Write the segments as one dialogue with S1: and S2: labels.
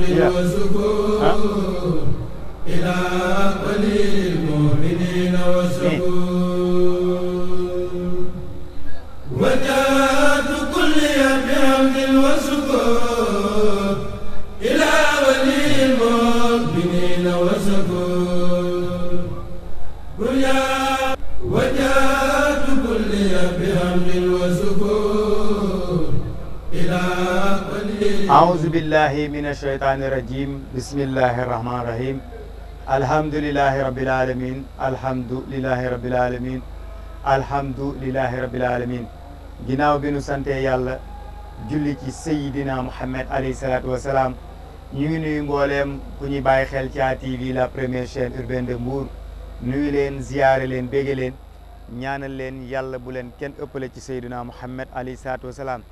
S1: Yeah. Huh?
S2: بالله من الشيطان الرجيم بسم الله الرحمن الرحيم الحمد لله رب العالمين الحمد لله رب العالمين الحمد لله رب العالمين ginnaaw bi nu santee yàlla julli ci Seydina Mouhamed alayhi salaatu wa salaam ñu ngi nuyu mbooleem ku ñuy bàyyi xel ci ATV la première chaîne urbaine de Mbour nuyu leen ziyaare leen bége leen ñaanal leen yàlla bu leen kenn ëppale ci Seydina Mouhamed alayhi salaatu wa salaam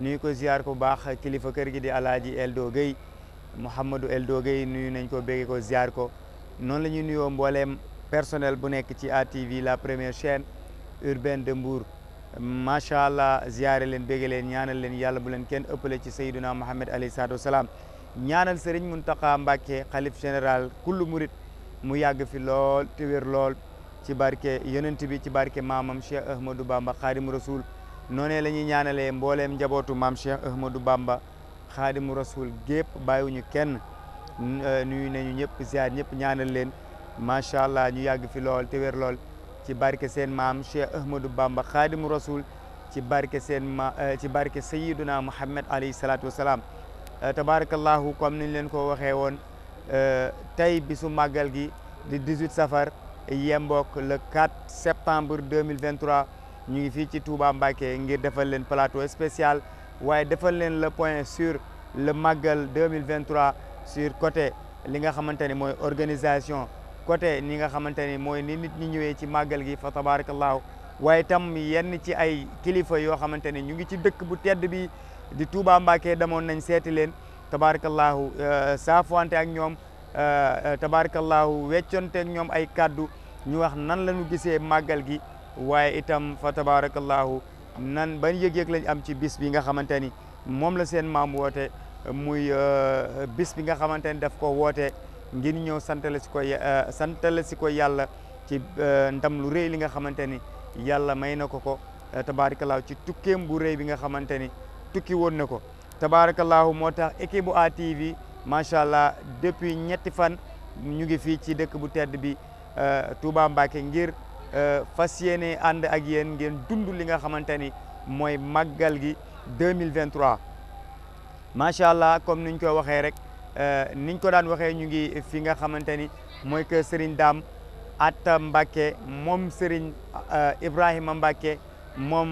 S2: نيو كو زيار كو باخ كليفا كير دي الحاجي الدو غي محمد الدو غي نيو نانكو بيغي كو زيار كو نون لا نيو مبولم بيرسونيل بو نيك تي ا تي في لا بريمير شين اوربين دمبور ما شاء الله زيار لين بيغي لين نيانال لين يالا بولن كين اوبلي تي سيدنا محمد عليه الصلاه سلام نيانال سيرن منتقى مباكي خليف جنرال كل مريد مو في لول تي وير لول تي باركي يوننتي بي تي باركي مامام شيخ احمد بامبا خادم رسول noné lañuy ñaanalé mbolém mbooleem mam Cheikh Ahmadou Bamba xaadimu rasul gépp bàyyiwuñu kenn nuyu nañu ñëpp ziar ñëpp ñaanal leen sha allah ñu yag fi lol te wér lol ci barke sen mam Cheikh Ahmadou Bamba khadim rasoul ci barke sen ci barke sayyiduna Muhammad ali salatu wassalam tabarakallahu comme niñ leen ko waxee woon tey bisu màggal gi di 18 safar yembok le 4 septembre 2023 ñu ngi fii ci Touba Mbacké ngir defal leen plateau spécial waaye defal leen le point sur le Magal 2023 sur côté li nga xamante ni mooy organisation côté ni nga xamante ni mooy ni nit ñi ñëwee ci màggal gi fa tabarakallahu waaye tam yenn ci ay kilifa yoo xamante ni ñu ngi ci dëkk bu tedd bi di Touba Mbacké demoon nañ seeti leen tabarakallahu euh, saafuwante ak ñoom euh, tabarakallahu wecconte ak ñoom ay kaddu ñu wax nan la ñu gisee màggal gi waaye itam fa tabarakallahu nan ban yëg lañ am ci bis bi nga xamante ni moom la seen maam woote muy euh, bis bi nga xamante ni daf ko woote ngir ñëw santale si ko euh, santale si ko yàlla ci euh, ndam lu rëy li nga xamante ni yàlla may na ko ko tabarakallahu ci tukkeem bu rëy bi nga xamante ni tukki woon na ko tabarakallahu moo tax équipe bu ATV macha allah depuis ñetti fan ñu ngi fii ci dëkk bu tedd bi Touba Mbacké ngir Euh, fas yéene ànd ak yéen ngeen dund li nga xamante ni mooy màggal gi 2023 macha allah comme niñ ko waxee rek euh, niñ ko daan waxee ñu ngi fi nga xamante ni mooy que Serigne Dame Atta Mbacké moom Serigne euh, Ibrahima Mbacké moom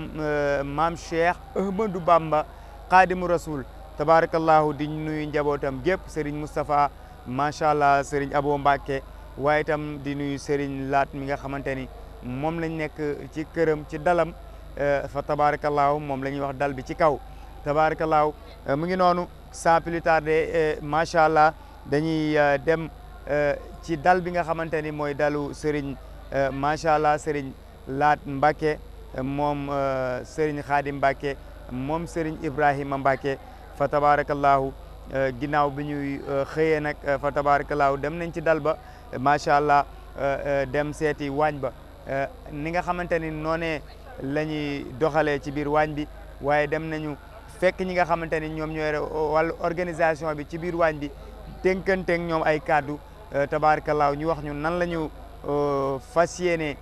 S2: maam Cheikh Ahmadou Bamba Xaadimu Rasul tabarakallahu di nuyu njabootam gépp Serigne Moustapha macha allah Serigne Abo Mbacké waaye itam di nuyu Serigne Laat mi nga xamante ni. moom lañ nekk ci këram ci dalam eh, fa tabaarakallaahu moom la ñuy wax dal bi ci kaw tabaarakallaahu eh, mu ngi noonu sans plus tarder eh, macha allah dañuy dem ci dal bi nga xamante ni mooy dalu Serigne macha allah Serigne Laat mbake moom Serigne Khadim Mbacke moom Serigne Ibrahima mbake fa tabaarakallaahu ginnaaw bi ñuy xëyee nag fa tabaarakallaahu dem nañ ci dal ba macha allah dem seeti waañ ba. Euh, ni nga xamante ni noonee la ñuy doxalee ci biir waañ bi waaye dem nañu fekk ñi nga xamante ni ñoom ñoo wàllu organisation bi ci biir waañ bi dénkanteeg ñoom ay kàddu euh, tabaarkalaaw ñu wax ñu nan la ñu euh, fas yéenee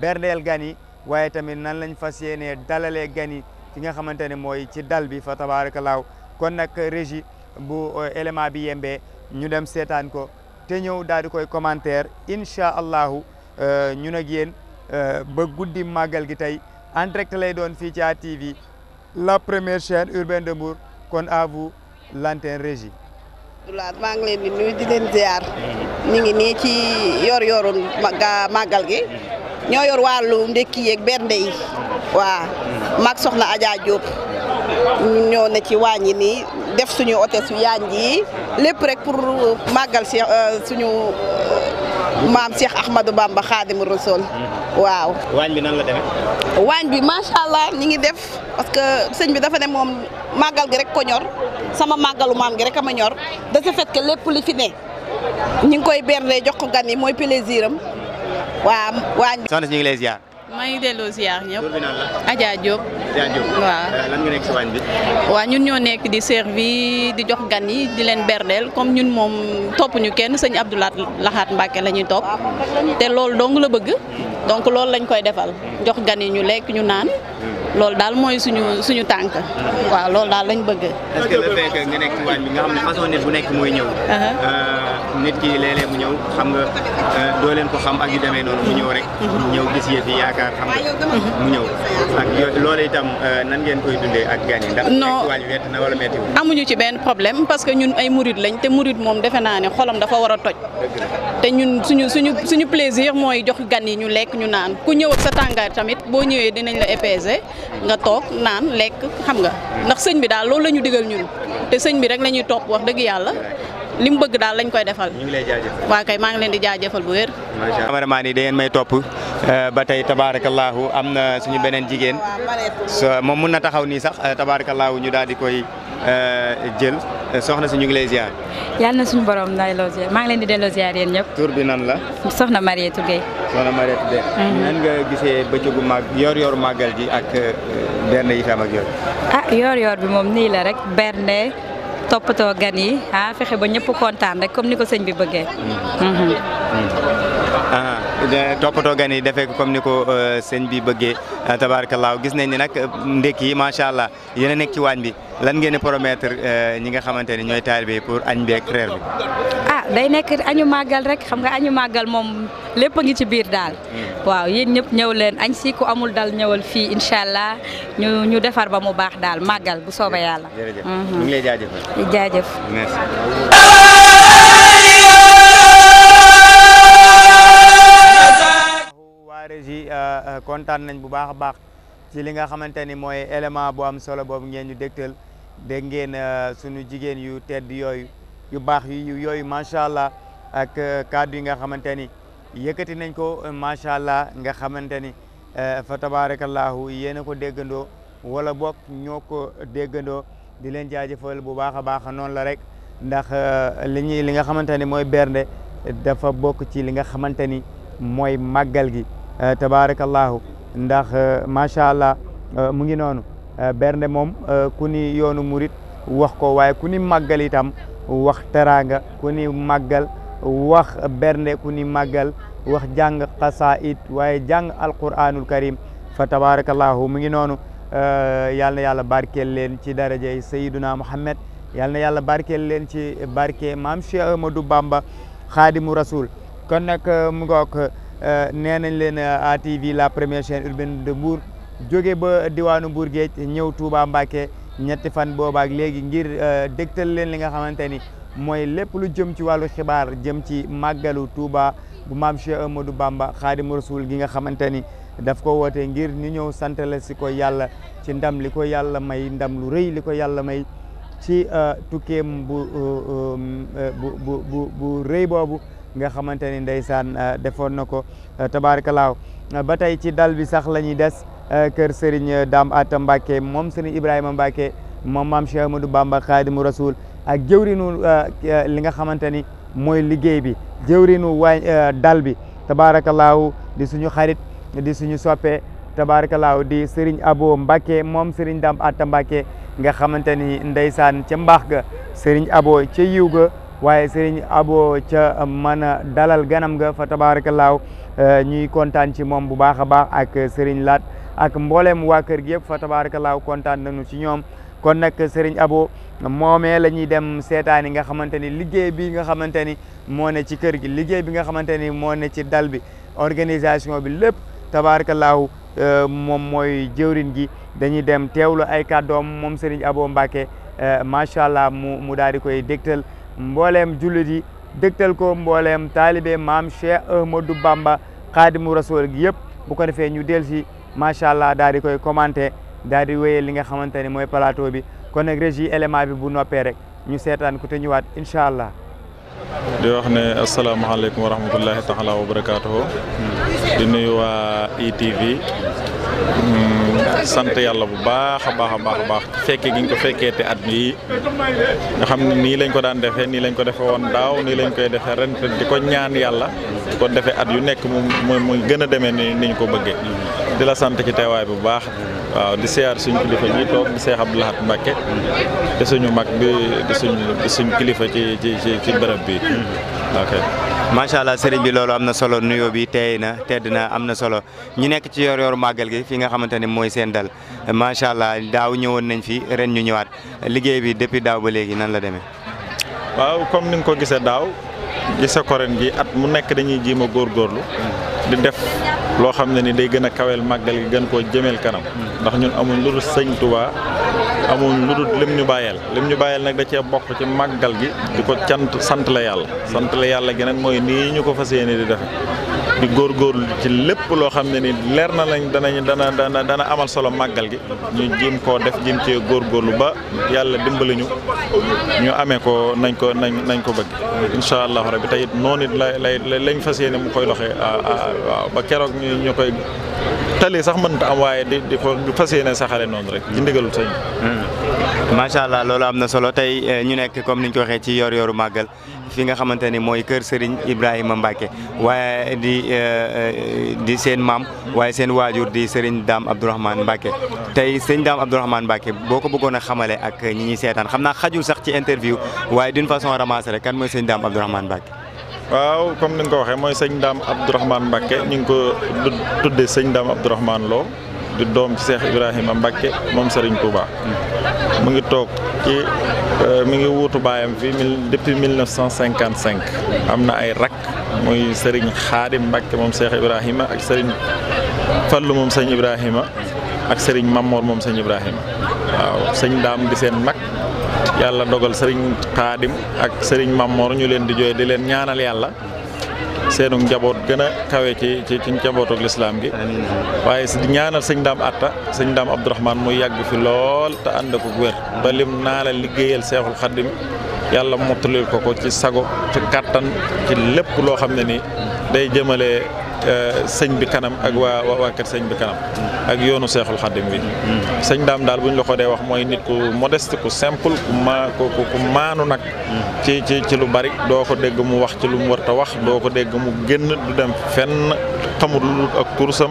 S2: berndeel gan yi waaye tamit nan lañ fas yéenee dalalee gan ki nga xamante ne mooy ci dal bi fa tabaarkalaaw kon nag régie bu élément bi yembe ñu dem seetaan ko te ñëw daal di koy commentaire incha allahu Euh, ñun ak yéen euh, ba guddi màggal gi tey en direct lay doon fii ci ATV la première chaîne urbaine de kon à vous l'antenne régie
S3: Abdoulaye maa ngi leen di nuyu di leen ziar ñu ngi nii ci yor yoru màggal gi ñoo yor wàllu ndekki yeeg bernde yi waa mag soxna Adja Diop ñoo ne ci waañ yi nii def suñu hôtesse su yaañ yi lépp rek pour màggal euh, suñu maam Cheikh Ahmadou Bamba Xaadimu Rasul mhm. waaw.
S2: waañ bi nan la deme
S3: waañ bi macha allah ñi ngi def parce que sëñ bi dafa ne moom màggal gi rek ko ñor sama màggalu maam gi rek a ma ñor de ce fait que lépp li fi ne ñi ngi koy bernde jox ko gan mooy plaisir am waaw waañ bi. soxna si ñu ngi lay maa
S4: ngi delloo ziar ñëpp.
S3: Adja Diop.
S2: Adja euh,
S4: ñun ñoo nekk di servi di jox gan yi di leen berdeel comme ñun moom topp ñu kenn sëñ Abdoulaat Laxaat Mbàkke la ñuy topp te loolu dong la bëgg donc loolu lañ koy defal jox gan yi ñu lekk ñu naan. loolu daal mooy suñu suñu tànk.
S3: waaw loolu daal lañ bëgg. est-ce
S2: que nga nekk waañ bi nga xam ne façon nit bu nekk mooy ñëw. Uh-huh. Euh, nit ki léeg mu ñëw xam nga euh, doo leen ko xam ak yu demee noonu mu ñëw rek. Uh-huh. ñëw gis yëf yi yaakaar xam nga uh-huh. mu ñëw ak loolu itam euh, nan ngeen koy dundee ak gan yi ndax. non waañ wala métti
S4: amuñu ci benn problème parce que ñun ay murid lañ te murid moom defe naa ne
S3: xolam dafa war a toj.
S4: te ñun suñu suñu suñu plaisir mooy jox gan yi ñu lekk ñu naan ku ñëw sa tàngaay tamit boo ñëwee dinañ la épaiser nga toog naan lekk xam nga ndax sëñ bi daal loolu la ñu digal ñun te sëñ bi rek la ñuy topp wax dëgg yàlla li mu bëgg daal lañ koy defal.
S2: ñu ngi lay jaajëfal
S4: waaw kay maa ngi leen di jaajëfal bu wér.
S2: maa allah cameraman may topp euh, ba tey tabaarakallaahu am na suñu beneen jigéen. moom mun na taxaw nii sax euh, tabaarakallaahu ñu daal di koy. Euh, jël soxna si ñu ngi lay ziar.
S5: yàlla na suñu borom ndaay loo maa ngi leen di delloo ziar yéen ñëpp. tur bi nan la. soxna Mariétu Guèye.
S2: soxna Mariétu Guèye. Mhm. nan nga gisee bëccëgu mag yor-yor màggal ji ak euh, berne yi tam ak
S5: yooyu. ah bi moom nii la rek berne toppatoo gan yi ah fexe ba ñëpp kontaan rek comme ni ko sëñ bi bëggee.
S2: Mhm. Mhm. toppatoo gan yi defee ko comme ni ko euh, seen bi bëggee euh, tabaarkalla gis nañ ni nag euh, ndékki yi macha allah yéen nekk ci waañ bi lan ngeen di promettre ñi nga xamante ni ñooy taalibe pour añ bi ak reer bi.
S5: ah day nekk añu màggal rek xam nga añu màggal moom lépp a ngi ci biir daal. Hmm. waaw yéen ñëpp ñëw leen añ si amul dal ñëwal fii incha allah ñu defar ba mu baax daal màggal bu soobee yàlla.
S2: jërëjëf mhm. ñu ngi lay jaajëf Euh, euh, kontaan nañ bu baax a baax ci li nga xamante ni mooy élément bu am solo boobu ngeen ñu dégtal dégg ngeen euh, suñu jigéen yu tedd yooyu yu baax yu yooyu macha allah ak kàddu yi nga xamante ni yëkkati nañ ko macha allah nga xamante ni fa tabarakallahu yéen a ko déggandoo wala boog ñoo ko déggandoo di leen jaajëfal bu baax a baax noonu la rek ndax li ñuy li nga xamante ni mooy bernde dafa bokk ci li nga xamante ni mooy màggal gi tabarakallahu ndax macha allah mu ngi noonu bernde moom ku ni yoonu murit wax ko waaye ku ni màggal itam wax teraanga ku ni màggal wax bernde ku ni màggal wax jàng xasaid waaye jàng alquranul karim fa tabarakallahu mu ngi noonu yal na yàlla barkeel leen ci darajey sayiduna muhammad yal na yàlla barkeel leen ci barke maam Cheikh Amadou Bamba xaadimu rasul kon nag mu ngoog Euh, nee nañ leen euh, ATV la première chaîne urbaine de Mbour jóge ba diwaanu Mbour géej ñëw Touba Mbacké ñetti fan boobaak léegi ngir euh, dégtal leen li nga xamante ni mooy lépp lu jëm ci wàllu xibaar jëm ci màggalu Touba bu maam Cheikh Amadou Bamba Xaadimu Rasuul gi nga xamante ni daf ko woote ngir ñu ñëw santale si ko yàlla ci ndam li ko yàlla may ndam lu rëy li ko yàlla may ci tukkeem bu bu bu bu nga xamante ni ndeysaan euh, defoon na ko euh, tabaarakalaaw euh, ba tey ci dal bi sax la ñuy des kër Serigne Dame Atta Mbacke moom Serigne Ibrahima Mbacke moom maam Cheikh Amadou Bamba Khadimu Rasoul ak jëwrinu li nga xamante ni mooy liggéey bi jëwrinu waa dal bi tabaarakalaaw di suñu xarit di suñu soppe tabaarakalaaw di Serigne Abo Mbacke moom Serigne dam Atta Mbacke nga xamante ni ndeysaan ca mbaax ga Serigne Abo ca yiw ga waaye sëriñ abo ca mën a dalal ganam nga fa tabaarakallaahu eh, ñuy kontaan ci moom bu baax a baax ak sëriñ laat ak mboolem waa kër gi yëpp fa tabaarakallaahu kontaan nañu ci ñoom kon nag sëriñ abo moomee la ñuy dem seetaani nga xamante ni liggéey bi nga xamante ni moo ne ci kër gi liggéey bi nga xamante ni moo ne ci dal bi organisation bi lépp tabaarakallaahu eh, moom mooy jëwrin gi dañuy dem teewlu ay kàddoom moom sëriñ abo mbake Mbacke eh, macha allah mu mu daal di koy dégtal mbooleem jullit yi dëgtal ko mbooleem taalibe maam Cheikh Ahmadou Bamba xaadimu rasool gi yëpp bu ko defee ñu del si macha allah daal di koy commenté daal di wéyee li nga xamante ne mooy plateau bi kon nag régie élément bi bu noppee rek ñu seetaan ku te ñëwaat incha allah.
S3: di wax ne asalaamaaleykum wa rahmatullahi taala wa barakaatuhu di nuyu waa ITV. E sant yàlla bu baax a baax a baax a baax ci fekkee gi ñu ko fekkee te at yii nga xam ne nii lañ ko daan defee nii lañ ko defe woon daaw nii lañ koy defee ren di ko ñaan yàlla kon defee at yu nekk mu mu gën a demee ni ni ñu ko bëggee. di la sant ci teewaay bu baax. waaw di siyaar suñu kilifa ji toog di Seex Abdou Lahad te suñu mag bi di suñu kilifa ci ci ci bërëb bi.
S2: ok macha allah sëriñ bi loolu am na solo nuyoo bi teey na tedd na am na solo ñu nekk ci yor yoru màggal gi fii nga xamante ne mooy seen dal macha allah daaw ñëwoon nañ fi ren ñu
S3: ñëwaat liggéey bi depuis daaw ba léegi nan la demee. waaw comme ni nga ko gisee daaw gisee sa ren ji at mu nekk dañuy jéem a góorlu di def loo xam ne ni day gën a kaweel màggal gi gën koo jëmeel kanam ndax ñun amuñ lu dul sëñ Tuubaa amuñ lu dul lim ñu bàyyeel lim ñu bàyyeel nag da cee bokk ci màggal gi di ko cant sant la yàlla sant la yàlla gi nag mooy ni ñu ko fas yéene di defe di góorgóorlu ci lépp loo xam ne ni leer na lañ danañ dana dana dana amal solo màggal gi ñu jéem koo def jéem cee góorgóorlu ba yàlla dimbali ñu ñu amee ko nañ ko nañ nañ ko bëgg incha allahu rabi tey it noonu it la lay lañ fas yéene mu koy doxee waaw ba keroog ñu ñu koy tali sax mënta am waaye di di ko fas yéene saxale noonu rek ci ndigalul sëñ hmm.
S2: macha allah loolu am na solo tey eh, ñu nekk comme ñu ko waxee ci yor yoru màggal fi nga xamante ni mooy kër Serigne Ibrahima Mbacke waaye di eh, eh, di seen maam waaye seen waajur di Serigne Dame Abdourahmane Mbacke tey Serigne Dame Abdourahmane Mbacke boo ko bëggoon a xamale ak ñi ñuy seetaan xam naa xajul sax ci interview waaye d'une façon ramassée rek kan mooy Serigne Dame Abdourahmane Mbacke.
S3: waaw comme ni nga ko waxee mooy sëñ Dame Abdourahmane Mbacke ñu ngi ko tuddee sëñ Dame Abdourahmane Lo di doom ci Cheikh Ibrahima Mbacke moom sëriñ Serigne ba mu ngi toog ci euh, mi ngi wuutu baayam fi depuis 1955 am na ay rakk muy Serigne Khadim Mbacke moom Cheikh Ibrahima ak Serigne Fallou moom sëñ Ibrahima ak Serigne Mamoor moom sëñ Ibrahima waaw sëñ daam di seen mag yàlla dogal Serigne Khadim ak Serigne Mamoor ñu leen di jooy di leen ñaanal yàlla. seenu njaboot gën a kawe ci ci ci njabootuk lislaam gi waaye di ñaanal sëñ daam atta sëñ daam abdourahman mu yàgg fi lool te ànd ko wér ba lim naa la liggéeyal seexul xaddim yàlla mottalil ko ko ci sago ci kàttan ci lépp loo xam ne ni day jëmale Euh, sëñ bi kanam ak waa waa kër sëñ bi kanam ak yoonu seexul xaddim bi sëñ daam daal bu ñu la ko dee wax mooy nit ku modeste ku simple ku ma ku ku maanu nag ci ci ci lu bari doo ko dégg mu wax ci lu mu warta wax doo ko dégg mu génn du dem fenn xamul ak kursam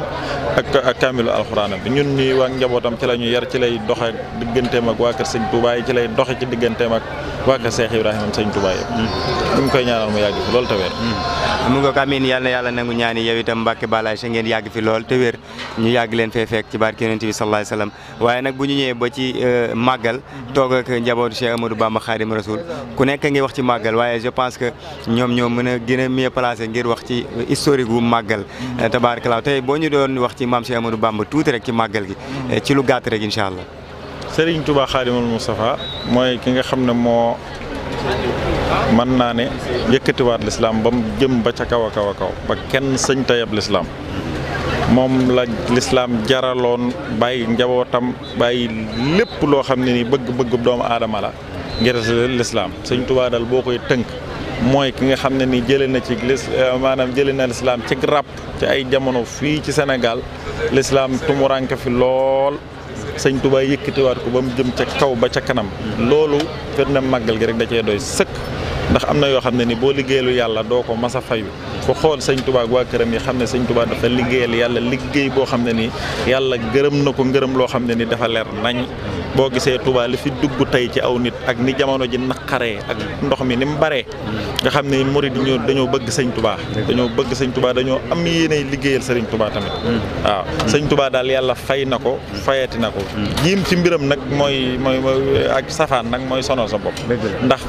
S3: ak ak kaamilu alxuraanam bi ñun ñii waa njabootam ci la ñu yar ci lay doxe digganteem ak waa kër sëñ Touba yi ci lay doxe ci digganteem ak waa kër Seex Ibrahima mm. ñu koy ñaanal mu
S2: yàgg loolu tawee mm. mu nga ko amiin yàlla yàlla nangu ñaani yow itam Mbàkke Balaay sa ngeen yàgg fi lool te wér ñu yàgg leen ci barke yonent bi sallallahu alayhi wasallam waaye nag bu ñu ñëwee ba ci euh, màggal toog ak njabootu Cheikh Bamba Xaadim Rasul ku nekk ngi wax ci waaye je pense que ñoom ñoo mën a gën a mieux placé ngir wax ci historique wu màggal euh, tabaarakallah boo ñu doon wax ci maam Cheikh Amadou Bamba tuuti rek ci màggal gi euh, ci lu gàtt rek incha allah Serigne Touba
S3: Mustafa mooy ki nga xam mën naa ne yëkkatiwaat lislaam ba mu jëm ba ca kaw a kaw a kaw ba kenn sëñ tayab lislaam moom la lislaam jaraloon bàyyi njabootam bàyyi lépp loo xam ne ni bëgg-bëgg doomu aadama la ngir lislaam sëñ dal boo koy tënk mooy ki nga xam ne nii jëlee na ci lis euh, maanaam jëlee na lislaam ci ràpp ci ay jamono fii ci senegal lislaam tumuranke fi lool sëñ Touba yëkkatiwaat ko ba mu jëm ca kaw ba ca kanam loolu firnde màggal gi rek da cee doy sëkk ndax am na yoo xam ne ni boo liggéeyalu yàlla doo ko mas a fayu ku xool sëñ Tuubaa ak waa këram yi xam ne sëñ Tuubaa dafa liggéeyal yàlla liggéey boo xam ne ni yàlla gërëm na ko ngërëm loo xam ne ni dafa leer nañ boo gisee tubaa li fi dugg tey ci aw nit ak ni jamono ji naqaree ak ndox mi ni mu baree nga xam ne murid ñoo dañoo bëgg sëñ Tuubaa dañoo bëgg sëñ Tuubaa dañoo am yéenay liggéeyal sëriñ Tuubaa tamit hmm. waaw hmm. sëñ Tuubaa daal yàlla fay na ko hmm. fayati na ko jiim mbiram nag mooy mooy safaan nag mooy sono sa bopp ndax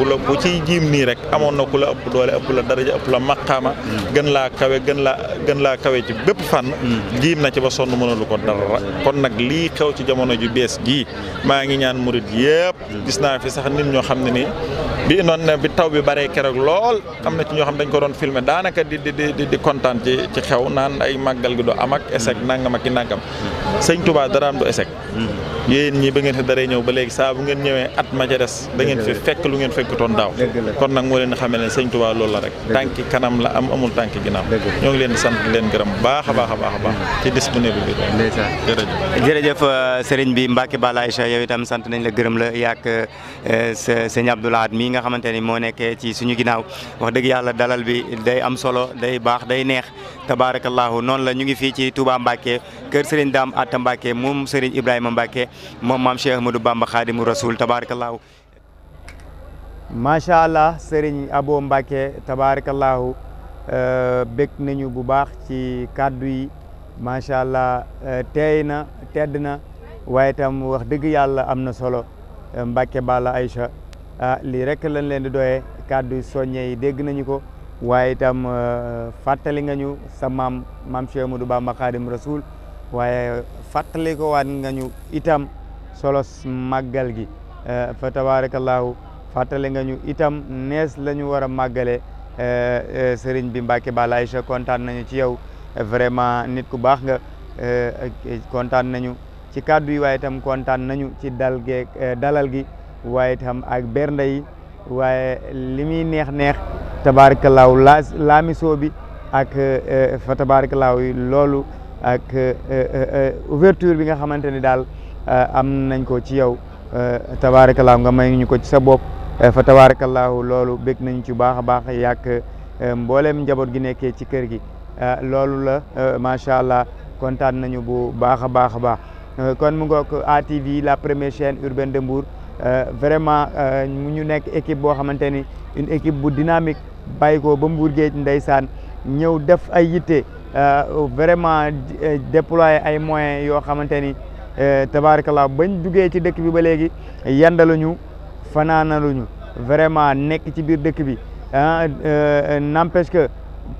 S3: bu la bu ciy jiim nii rek amoon na ku la ëpp doole ëpp la daraja ëpp la maqaama gën laa kawe gën laa gën laa kawe ci bépp fànn jiim na ci ba sonn mënalu ko dara kon nag lii xew ci jamono ju bees gii maa ngi ñaan murit yëpp gis naa fi sax nit ñoo xam ne nii bi noon ne bi taw bi baree keroog lool am na ci ñoo xam dañ ko doon filmer daanaka di di di di kontaan ci xew naan ay màggal gi du am ak échec nangam ak i nangam sëñ Tuubaa daraam du échec yéen ñi ba ngeen fi daree ñëw ba léegi saa bu ngeen ñëwee at ma ca des da ngeen fi fekk lu ngeen fekkutoon daaw kon nag moo leen xamee ne sëñ Tuubaa loolu la rek tànki kanam la am amul tànki ginnaaw ñoo ngi leen sant leen gërëm baax a baax a baax a baax ci dis bu nebi bi jërëjëf
S2: jërëjëf euh, sëriñ bi Mbacke Bala yow itam sant nañ la gërëm la yaak euh, sëñ Abdou Lahad mii nga xamante ni moo nekkee ci suñu ginnaaw wax dëgg yàlla dalal bi day am solo day baax day neex tabaarakallaahu noonu la ñu ngi fii ci Touba Mbacke kër Serigne daam Atta Mbacke moom Serigne Ibrahima Mbacke moom maam Cheikh Ahmadou Bamba Khadimu Rasoul tabaarakallaahu macha allah sëriñ Abo Mbacke tabaarakallaahu euh, bég nañu bu baax ci kàddu yi macha allah euh, teey na tedd na waaye tam wax dëgg yàlla am na solo euh, Mbacke balla Aïcha ah lii rek lañ leen di doyee kàddu soññe yi dégg nañu ko. waaye itam euh, fàttali nga ñu sa maam maam Cheikh Amadou Bamba Khadim Rasoul waaye fàttali ko waat nga ñu itam solos màggal gi euh, fa tabarakallahu fàttali nga ñu itam nees la ñu war a màggale euh, sëriñ bi Mbacke Bala Aïcha kontaan nañu ci yow vraiment nit ku baax nga kontaan nañu ci kaddu yi waaye itam kontaan nañu ci dalal gi waaye itam ak bernde yi waaye li muy neex neex tabaarakalaaw laa laamiso bi ak eh, eh, fa tabaarakalaaw loolu ak eh, ouverture bi nga xamante ni daal am nañ ko ci yow tabaarakalaaw nga may ñu ko ci sa bopp fa tabaarakalaaw loolu bég nañ ci baax a baax yàq mbooleem njaboot gi nekkee ci kër gi loolu la macha allah kontaan nañu bu baax a baax a baax kon mu ngoog ATV la première chaîne urbaine de Mbour vraiment ñu nekk équipe boo xamante ni une équipe bu dynamique bàyyi ko ba Mbour Géej ndeysaan ñëw def ay yitte euh, vraiment euh, déployer ay moyens yoo xamante ni euh, tabaarkalla bañ duggee ci dëkk bi ba léegi yandaluñu fanaanaluñu vraiment nekk ci biir dëkk bi ah n'empêche que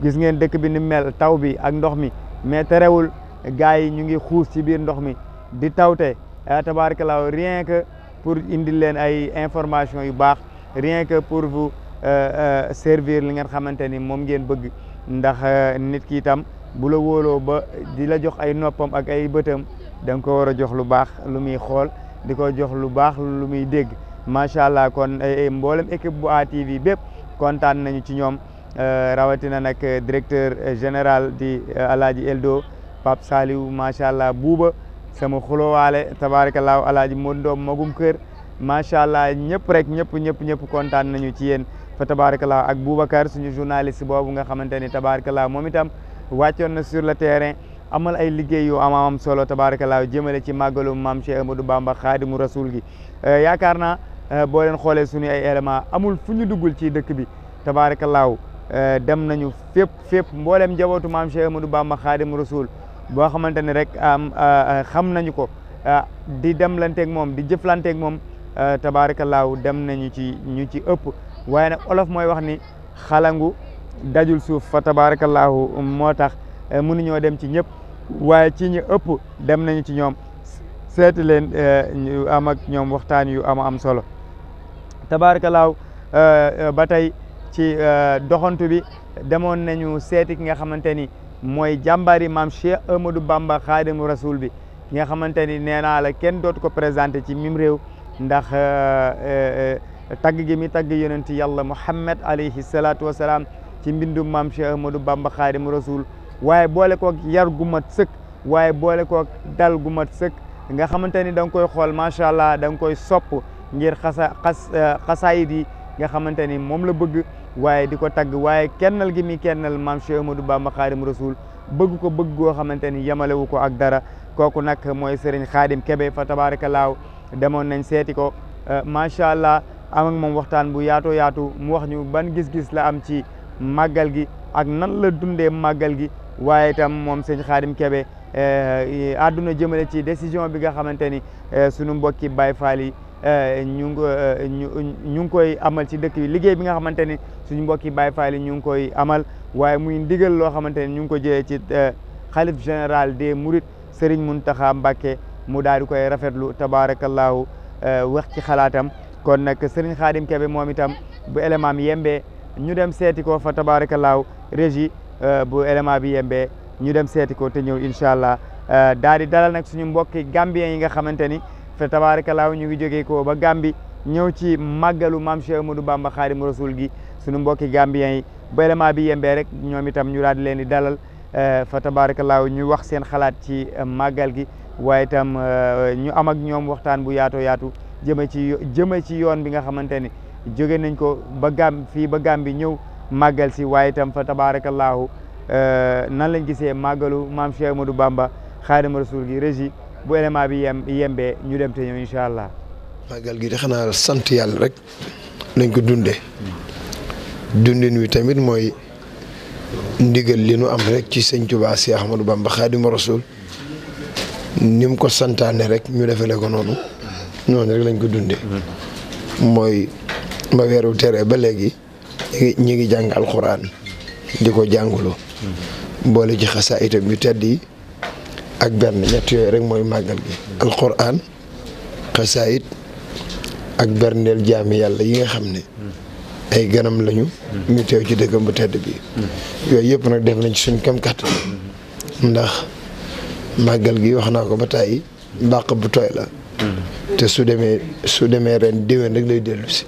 S2: gis ngeen dëkk bi ni mel taw bi ak ndox mi mais terewul gars yi ñu ngi xuus ci biir ndox mi di tawte ah, tabaarkalla rien que pour indil leen ay information yu baax. rien que pour vous euh, euh, servir li ngeen xamante ni moom ngeen bëgg ndax euh, nit ki itam bu la wóoloo ba di la jox ay noppam ak ay bëtam da nga ko war a jox lu baax lu muy xool di ko jox lu baax lu muy dégg macha allah kon eh, eh, mboolem équipe bu ATV bépp kontaan nañu ci ñoom rawatina nag directeur général di Alaaji Eldo Pape Saliou macha allah buuba sama xulóowaale tabaarakalaahu Alaaji Modou Ndoom magum kër. macha allah ñëpp rek ñëpp ñëpp ñëpp kontaan nañu ci yéen fa tabarakallah ak Boubacar suñu journaliste boobu nga xamante ni tabarakallah moom itam wàccoon na sur le terrain amal ay liggéey yu am solo tabarakallah jëmale ci màggalu maam Cheikh Amadou Bamba xaadimu rasul gi euh, yaakaar naa euh, boo leen xoolee suñu ay élément amul fu ñu duggul ci dëkk bi tabarakallah euh, dem nañu fépp fépp mboolem njabootu maam Cheikh Amadou Bamba xaadimu rasul boo xamante ni rek am xam nañu ko di lanteek moom di jëflanteeg moom Euh, tabaarakallaahu dem nañu ci ñu ci ëpp waaye nag olof mooy wax ni xalangu dajul suuf fa tabaarakallaahu moo tax euh, mënuñoo dem ci ñëpp waaye ci ñu ëpp dem nañu ci ñoom seeti leen euh, ñu am ak ñoom waxtaan yu am am solo tabaarakallaahu ba tey ci doxantu bi demoon nañu seeti ki nga xamante ni mooy jàmbaari maam Cheikh Amadou Bamba Xaadimu Rasul bi nga xamante ni nee naa kenn dootu ko présenté ci mim réew ndax tagg gi mi tagg yonent yàlla Muhammad alayhi salatu wa salaam ci mbindum mam Cheikh Ahmadou Bamba khadim rasoul waye bolé ko ak yar gu mat waye bolé ko ak dal gu mat sëkk nga xamanteni dang koy xol ma sha allah dang koy sop ngir khasaayidi nga xamanteni mom la bëgg waye diko ko tagg waaye kennal gi mi kennal mam Cheikh Ahmadou Bamba khadim rasoul bëgg ko bëgg go xamanteni yamalewuko ak dara koku nak moy Serigne Khadim Kebe fa tabarakallah demoon nañ seeti ko euh, macha allah am ak moom waxtaan bu yaatoo yaatu mu wax ñu ban gis-gis la am ci màggal gi ak nan la dundee màggal gi waaye itam moom sëñ Xaadim Kebe euh, àdduna jëmale ci décision bi nga xamante ni euh, sunu mbokki Baay Faal yi ñu ngi ñu ngi koy amal ci dëkk bi liggéey bi nga xamante ni suñu mbokki Baay Faal yi ñu ngi koy amal waaye muy ndigal loo xamante ni ñu ngi ko jëlee ci xalif général des Mourides Serigne Mountakha Mbacké mu daal di koy rafetlu tabaarakallaahu eh, wax ci xalaatam kon nag Serigne Khadim Kebe moom itam bu élément bi yembe ñu dem seeti ko fa tabaarakallaahu régie eh, bu élément bi yembe ñu dem seeti ko te ñëw incha allah eh, daal di dalal nag suñu mbokki gambien yi nga xamante ni fa ñu ngi jógee ko ba Gambi ñëw ci màggalu maam Cheikh Amadou Bamba Khadim Rasoul gi suñu mbokki gambien yi bu bi yembee rek ñoom itam ñu daal di leen di dalal fa tabaarakallaahu ñu wax seen xalaat ci màggal gi waaye itam euh, ñu am ak ñoom waxtaan bu yaato yaatu jëme ci jëme ci yoon bi nga xamante ni jóge nañ ko ba gàm fii ba gàm bi ñëw màggal si waaye itam fa tabaarakallaahu euh, nan lañ gisee màggalu maam Cheikh Amadou Bamba xaadima rasul gi régi bu élément bi yem ñu dem te ñëw incha allah. màggal
S4: gi de xanaa sant yàlla rek nañ ko dundee dundin wi tamit mooy ndigal li nu am rek ci sëñ Tuubaa Cheikh Amadou Bamba xaadima rasul nim ko santaane rek ñu defale ko noonu noonu rek lañ ko dundee mooy ma weeru tere ba léegi ñi ngi jàng alxuraan di ko jàngulu mboole ci xasaa itam yu tedd yi ak benn ñett yooyu rek mooy màggal gi alxuraan xasaayit ak berndeel jaami yàlla yi nga xam ne ay ganam lañu ñu teew ci dëkkam bu tedd bi yooyu yëpp nag def nañ ci suñ kam kàttan ndax màggal gi wax naa ko ba tàyyi mbàq bu tooy la te su demee su demee ren déwén rek lay dellusi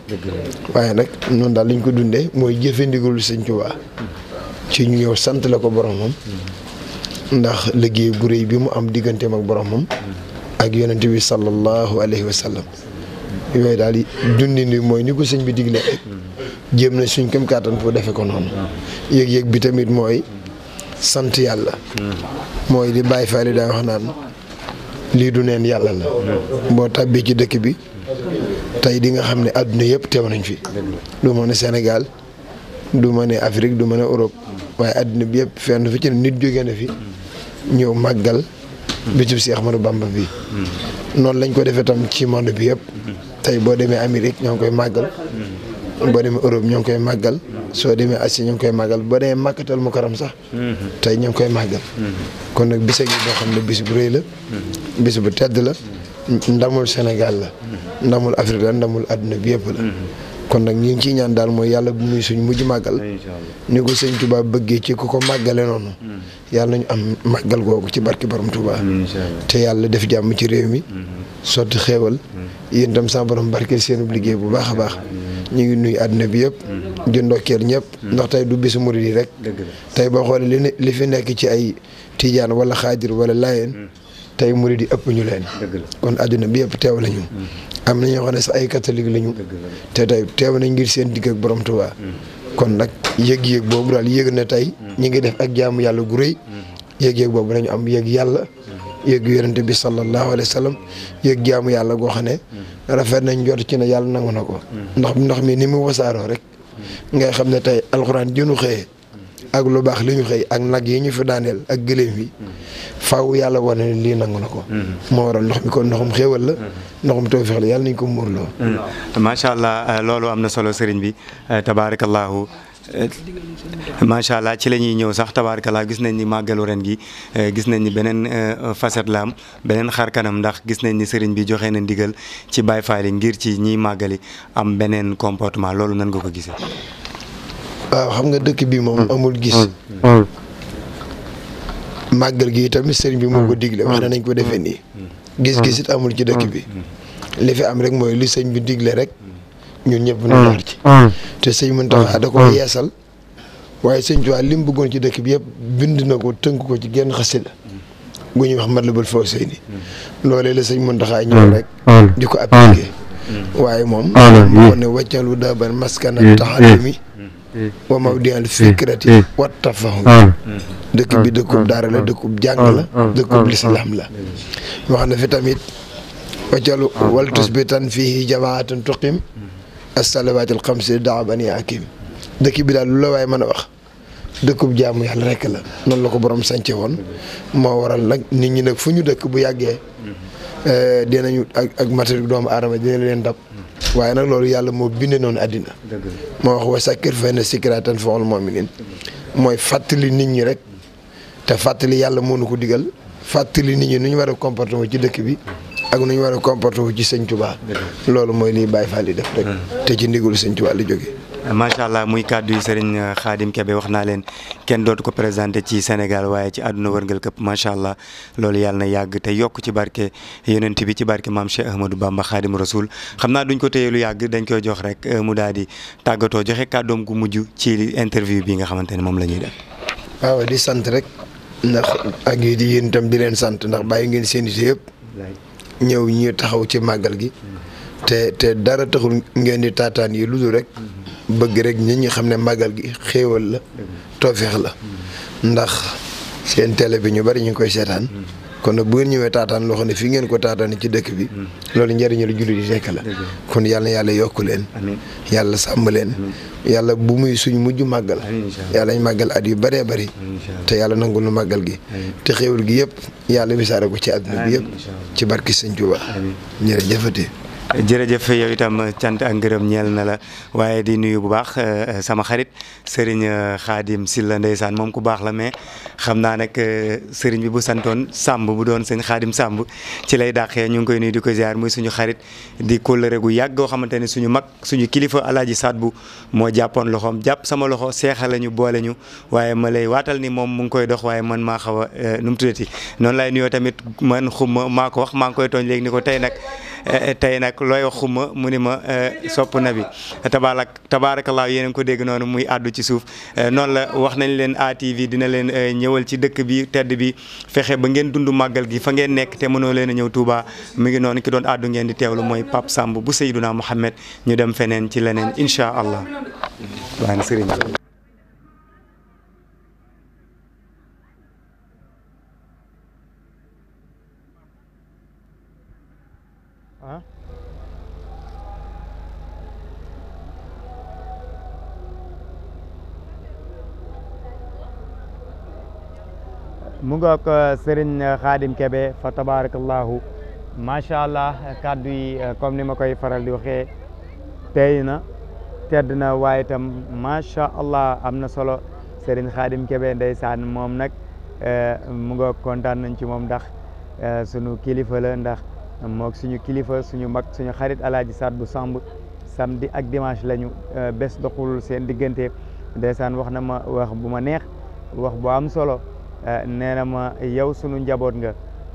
S4: waaye nag noonu daal li ko dundee mooy jëfe ndigalu sëñ Tuubaa ci ñu ñëw sant la ko boromam ndax liggéey bu réy bi mu am digganteem ak boromam ak yonent bi sallallahu alayhi wa sallam yooyu daal dundi ni mooy ni ko sëñ bi diglee rek mm. jéem na suñ këm kàttan pour defe ko noonu ah. yëg-yëg bi tamit mooy sant yàlla mooy li Baye Fall daa wax lii du neen yàlla la boo tàbbee ci dëkk bi tey di nga xam ne àdduna yëpp teew nañ fi du ma ne Sénégal du ma ne Afrique du ma ne Europe waaye àdduna bi yëpp fenn fi ci ne nit jóge na fi ñëw màggal bisub Seex Ahmadu Bamba bi mm. noonu lañ ko defee tam ci monde bi yëpp mm. tey boo demee amerique ñoo ngi koy màggal boo demee Europe ñoo ngi koy màggal soo demee Asie ñoo ngi koy màggal boo demee Màkkatal mu karam sax tey ñoo ngi koy màggal kon nag bis a ngi boo xam ne bis bu rëy la bis bu tedd la ndamul Sénégal la ndamul Afrique la ndamul àdduna bi yëpp la kon nag ñu ngi ci ñaan daal mooy yàlla bu muy suñ mujj màggal ni ko sëñ tubaab bëggee ci ku ko màggale noonu mm. yàlla nañu am màggal googu ci barki borom Touba te yàlla def jàmm ci réew mi mm-hmm. sotti xéewal mm-hmm. yéen itam sa borom barkeel seenub liggéey bu baax a baax ñu ngi nuyu àddina bi yëpp mm-hmm. di ndokkeel ñëpp ndax tey du bisu murid yi rek tey boo xoolee li li fi nekk ci ay tijaan wala xaadir wala laayeen mm. tey murid di ëpp ñu leen kon àdduna bi yëpp teew lañu
S1: mm-hmm.
S4: am na ñoo xam ne sax ay catholique lañu te tey teew nañ ngir seen digg ak borom Tuubaa mm-hmm. kon nag yëg-yëg boobu daal yëg na tey mm-hmm. ñu ngi def ak jaamu yàlla gu rëy yëg-yëg boobu nañu am yëg yàlla yëg yonent bi sallallahu alayhi wa sallam yëg jaamu yàlla goo xam ne rafet nañ jot ci ne yàlla nangu na ko ndax ndox mi ni mu wasaaroo rek ngay xam ne tey alxuraan jënu xëyee ak lu baax li ñu xëy ak nag yi ñu fi daaneel ak gëléem yi faw yàlla wane ne lii nangu na ko mm-hmm. moo waral kon ndoxum xéewal la mm-hmm. ndoxum tawfeex la yàlla
S2: nañ ko muur loo macha mm-hmm. allah euh, loolu am na solo sëriñ bi euh, tabaarakallaahu euh, macha allah ci la ñuy ñëw sax tabaarkalla gis nañ ni màggalu ren gi gis nañ ni beneen facette la am beneen xar kanam ndax gis nañ ni sëriñ bi joxe na ndigal ci Baay Faal yi ngir ci ñiy màggali am beneen comportement loolu nan nga ko gisee.
S4: waaw xam nga dëkk bi moom hmm. amul gis hmm. Hmm. màggal gi tamit sëriñ bi moo ko digle wax nañ ko defee nii gis-gis amul ci dëkk bi li fi am rek mooy li sëñ bu digle rek ñun ñëpp ñu war ci te sëñ Muntaxa da ko yeesal waaye sëñ Tuubaa li mu bëggoon ci dëkk bi yëpp bind na ko tënk ko ci genn xasida gu ñuy wax Matlabul Fawzayni loolee la sëñ Muntaxa ñëw rek di ko appliqué waaye moom moo ne wàccalu daban maskana taxalimi Hmm. wa mawdi'al hmm. fikrati hmm. wat tafahum dëkk bi dëkkub daara la dëkkub jàng la dëkkub lislaam la wax na fi tamit wacalu wal tusbitan fihi jamaatun tuqim as-salawaatil xamsi daa bani akim dëkk bi daal lu la waaye mën a wax dëkkub jaamu yàlla rekk la noonu la ko borom sànce woon moo waral nag nit ñi nag fu ñu dëkk bu yàggee Eh, dinañu ak ak matériel doomu aadama dina leen dab hmm. waaye nag loolu yàlla moo binde noonu àddina moo wax wa sakkir fay na sikkiraatan foxal moominin mooy fàttali nit ñi rek te fàttali yàlla moo nu ko digal fàttali nit ñi nu ñu war a comporté ci dëkk bi ak nu ñu war a comporté ci sëñ Tuubaa loolu mooy lii Baay Faal yi def rek hmm. te ci ndigalu
S2: sëñ Tuubaa li jóge macha allah muy kàddu yi Serigne Khadim Kebe wax naa leen kenn dootu ko présenté ci Sénégal waaye ci àdduna wërngal këpp macha allah loolu yàlla na yàgg te yokk ci barke yonent bi ci barke maam Cheikh Ahmadou Bamba Khadim Rasoul xam naa duñ ko téye lu yàgg dañ koy jox rek euh, mu daal di tàggatoo joxe kàddoom gu mujj ci interview bi nga xamante ne moom la ñuy def.
S4: waaw di sant rek ndax a yi di yéen itam di leen sant ndax bàyyi ngeen seen i yëpp ñëw ñu taxaw ci màggal gi mm-hmm. te dara taxul ngeen di taataan yi lu dul rek. Mm-hmm. bëgg rek nit ñu xam ne màggal gi xéewal la toofeex la ndax seen télé bi ñu bari ñu koy seetaan kon nag bu ngeen ñëwee taataan loo xam ne fii ngeen ko taataane ci dëkk bi loolu njëriñu la jullit yi rekk la kon yàlla yàlla yokk leen yàlla sàmm leen yàlla bu muy suñ mujj màggal yàlla ñu màggal at yu bëree bëri te yàlla nangu lu màggal gi te xéewal gi yëpp yàlla wisaare ko ci àdduna bi yëpp ci barki sëñ Tuubaa ñërë jëfate
S2: jërëjëf yow itam cant ak ngërëm ñeel na la waaye di nuyu bu baax euh, sama xarit Serigne euh, Khadim Silla ndeysaan moom ku baax la mais xam naa nag euh, Serigne bi bu santoon Samb bu doon sëñ Khadim Samb ci lay dàqee ñu ngi koy nuyu di ko ziar muy suñu xarit di kóllëre gu yàgg goo xamante ne suñu mag suñu kilifa alaaji saat bu moo jàppoon loxoom jàpp sama loxo seexa la ñu boole ñu waaye ma lay waatal ni moom mu ngi koy dox waaye man maa xaw a nu mu tuddati noonu lay nuyoo tamit man xuma maa ko wax maa ngi koy tooñ léegi ni ko tey nag looy wax xuma mu ni ma eh, sopp na bi tabaarak tabaarakallaa yéen a ngi ko dégg noonu muy àddu ci suuf eh, noonu la wax nañ leen ATV dina leen eh, ñëwal ci dëkk bi tedd bi fexe ba ngeen dund màggal gi fa ngeen nekk te mënoo leen a ñëw Touba mu ngi noonu ki doon àddu ngeen di teewlu mooy Pape Samb bu Seydouna Mohamed ñu dem feneen ci leneen incha allah. ngi ak Serigne Khadim Kebe fa tabarakallahu macha allah kàddu yi comme ni koy faral di waxee tey na tedd na waaye itam allah am solo Serigne Khadim Kebe ndeysaan moom nag mu nga kontaan nañ ci moom ndax suñu kilifa la ndax mook suñu kilifa suñu mag suñu xarit alaaji Saat bu Samb samedi ak dimanche lañu bés doxul seen diggante ndeysaan wax ma wax bu neex wax bu am solo Eh, nee na ma yow sunu njaboot nga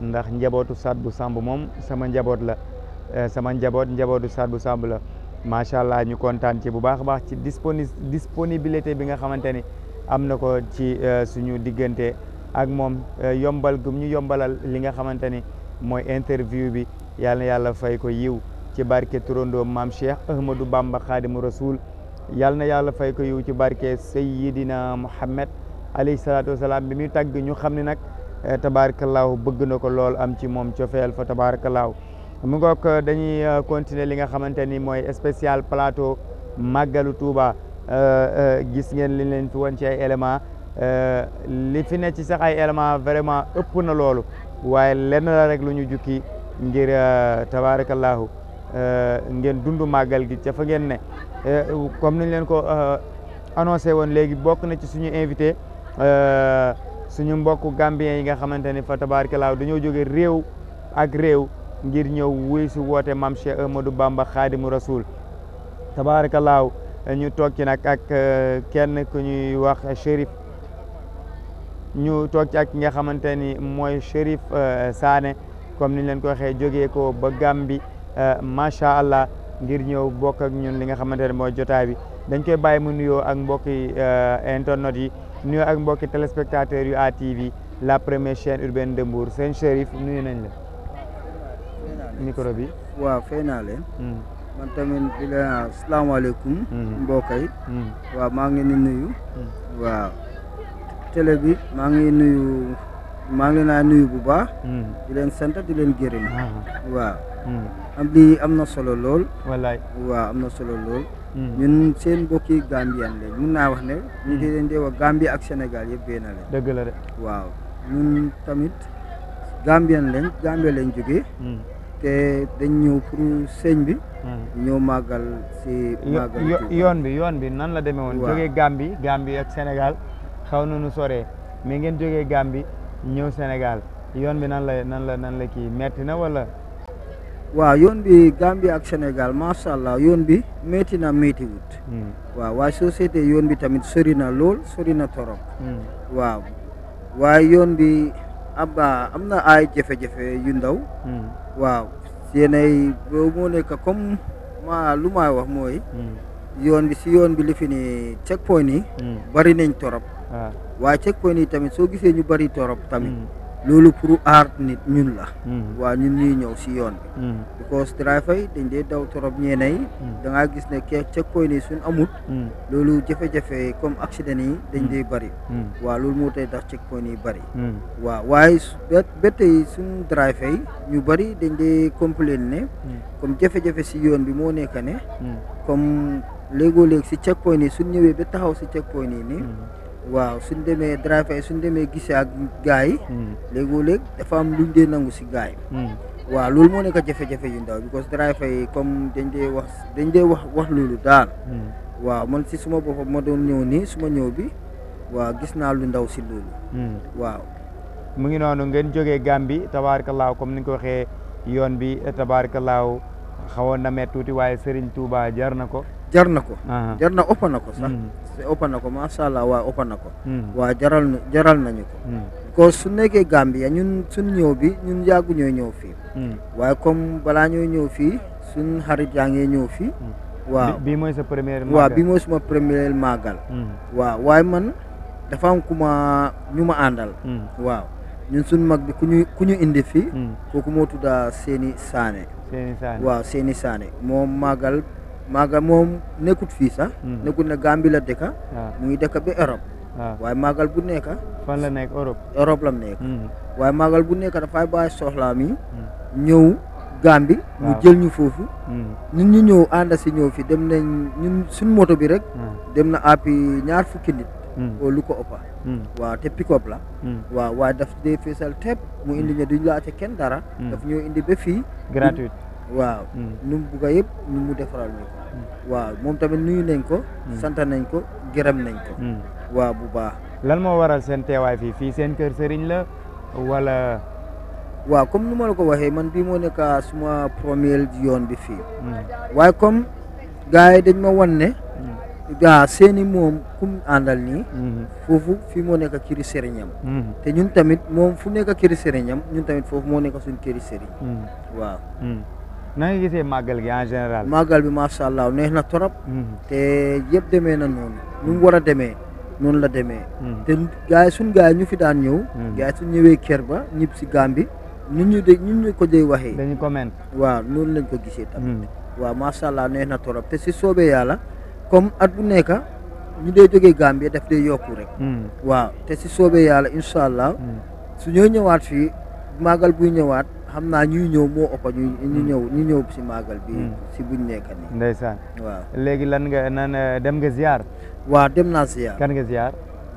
S2: ndax njabootu Sadibou Samb moom sama njaboot la eh, sama njaboot njabootu Sadibou Samb la macha allah ñu kontaan ci bu baax a baax ci disponi disponibilité bi nga xamante ni am na ko ci eh, suñu diggante ak moom yombal gum ñu yombalal li nga xamante ni mooy interview bi yàlla na yàlla fay ko yiw ci barke turandoo maam Cheikh Ahmadou Bamba Khadimu Rasoul yàlla na yàlla fay ko yiw ci barke Seyyidina Muhammad alayhi salaatu wasalaam bi muy tàgg ñu xam ne nag eh, tabaarakallaahu bëgg na ko lool am ci moom cofeel fa tabaarakallaahu mu ngoog eh, dañuy eh, continuer li nga xamante ni mooy spécial plateau màggalu Touba gis ngeen li leen fi woon ci ay éléments li fi ne ci sax ay éléments vraiment ëpp na loolu waaye lenn rek lu ñu jukki ngir tabaarakallaahu ngeen dund màggal gi ca fa ngeen ne comme niñ leen ko annoncé woon léegi bokk na ci suñu invité Euh, suñu mbokku gambien yi nga xamante ni fa tabaarkalaaw dañoo jóge réew ak réew ngir ñëw wuy si woote maam Cheikh Ahmadou Bamba xaadimu rasul tabaarkalaaw ñu toog ci nag ak euh, kenn ku ñuy wax Chérif ñu toog ci ak nga xamante ni mooy Chérif euh, Sané comme ni ñu leen ko waxee jógee ko ba Gàmbi macha allah ngir ñëw bokk ak ñun li nga xamante ne mooy jotaay bi dañ koy bàyyi mu nuyoo ak mbokki internet yi. nuyu ak mbokki téléspectateurs yu ATV la première chaîne urbaine de sen seen Chérif nuyu nañ la. micro bi.
S5: waaw fay naa leen. Hmm. man tamit di la salaamaaleykum. Hmm. mbokk yi. Hmm. waaw maa ngi leen nuyu. waaw télé bi maa ngi nuyu maa ngi naa nuyu bu baax. di leen sant di leen yi ah. waaw. am lii am na solo lool. wallaay waaw am na solo lool. Mm-hmm. ñun seen mbokki Gambien lañ mun naa wax ne. ñu ngi mm-hmm. leen di wax Gambie ak Sénégal yëpp benn lañ. dëgg la de waaw ñun tamit Gambien lañ Gambie lañ jógee. Mm-hmm. te dañ ñëw pour sëñ bi. ñëw màggal si. màggal yoon
S2: bi yoon bi nan la demee woon. waaw jógee Gambie ak Sénégal xaw na nu soree mais ngeen jóge Gambie ñëw Sénégal yoon bi nan la nan la nan kii metti na walla
S5: waaw yoon bi Gambie ak Sénégal macha allah yoon bi métti na métti wut. Hmm. waaw waaye soo seetee yoon bi tamit sori na lool sori na torop. Hmm. waaw waaye yoon bi abba am na ay jafe-jafe yu ndaw. Hmm. waaw yéenay boo moo nekk comme ma wax mooy. yoon bi si yoon bi li ni check point bari nañ torop. Ah. waaye check point yi tamit soo gisee ñu bari torop tamit. loolu pour aar nit ñun la hmm. waa ñun ñuy ñëw si yoon bi hmm. because driver yi dañ dee daw trop ñeene yi hmm. gis ne ke checkpoint yi suñ amut loolu jafe-jafe comme accident yi dañ dee bëri waa loolu moo tey tax checkpoint yi bëri waa waaye ba tey suñ driver yi ñu bëri dañ dee complain ne comme jafe-jafe si yoon bi moo nekk ne comme léegoo léeg si checkpoint yi suñ ñëwee ba taxaw si checkpoint yi nii waaw suñ demee driver suñ demee gisee ak gars yi. Hmm. léegoo léeg dafa am luñ dee nangu si gars yi. Hmm. waaw loolu moo nekk jafe-jafe yu ndaw because driver yi comme dañ dee wax dañ dee wax wax loolu daal. Hmm. waaw man si suma boppam ma doon ñëw nii suma ñëw bi waaw gis naa lu ndaw si loolu. waaw.
S2: mu ngi noonu ngeen jógee Gàmbi tabaarakallaahu comme ni nga ko waxee yoon bi tabaarakallaahu xawoon na met tuuti waaye Serigne Touba jar na ko.
S5: jar na ko. jar na
S2: ëpp na ko sax. opanako
S5: masala wa opanako mm. wa jaral jaral nañu hmm. ko ko su nekkee Gambia ñun sun ñew bi ñun yàggu ñoo ñëw fii wa comme bala ñoy ñew fi sun harit yaa ngee ñëw fii hmm. wa bi moy sa premier màggal bi mooy suma hmm. wa way man dafa am kuma ñuma andal ma ñun sun mag bi ku ñu indi fi indi fii mo tuda seni sane seni sane wa seni sane mom magal maaga moom nekkut fii sax. Mhm. nekkut ne Gambie la dëkka. Ah. mu ngi dëkka ba Europe. Ah. waaye maagal bu nekk. fan la nekk Europe. Europe la nekk. Mhm. waaye maagal bu nekk dafay bàyyi soxlaam yi. Mhm. ñëw Gambie. mu ah. jël ñu foofu. ñun ñu ñëw ànd si ñëw fii dem nañ ñun suñ moto bi rek. dem na àppi ñaar fukki nit. oo lu ko ëppa waaw te pick-up la waaw waaye daf dee feesal tepp mu indi ñu duñ laajte kenn dara daf ñoo indi ba fii waaw mm. nu mu bugg a nu mu defaral ñu ko mm. waaw moom tamit nuyu nañ ko mm. santa nañ ko gërëm nañ ko
S2: waaw bu baax lan moo waral seen teewaay fii fii seen kër sëriñ la wala
S5: waaw comme nu ma la ko waxee man bii moo nekk suma premier yoon bi fii waaye comme gars yi dañ ma wan ne waaw seeni moom kum àndal nii mm-hmm. foofu fii moo nekk kiri sëriñam mm-hmm. te ñun tamit moom fu nekk kiri sëriñam ñun tamit foofu moo nekk suñ kiri sëriñ mm-hmm. waaw
S2: na nga gisee màggal gi en
S5: général. màggal bi macha allah neex na trop. Hmm. te yëpp demee na noonu. nu mu war a demee noonu la demee. Hmm. te gars yi suñu ñu fi daan ñëw. Hmm. gars yi suñu ñëwee kër ba ñibb si Gàmbi ñun ñu de ñun ko dee waxee. dañu comment waaw noonu lañ ko gisee tamit. waa macha allah neex na trop te si soobee yàlla comme at bu nekk ñu dee jógee Gambie daf dee yokk rek. waaw te si soobee yàlla incha allah. su ñoo ñëwaat fii màggal buy ñëwaat. xam naa ñuy ñëw moo ëpp ñu ñu hmm. ñëw ñu ñëw si màggal bi hmm. si buñ nekk
S2: nii ndeysaan waaw léegi lan nga nan eh, dem nga ziar waa dem naa ziar kan nga ziar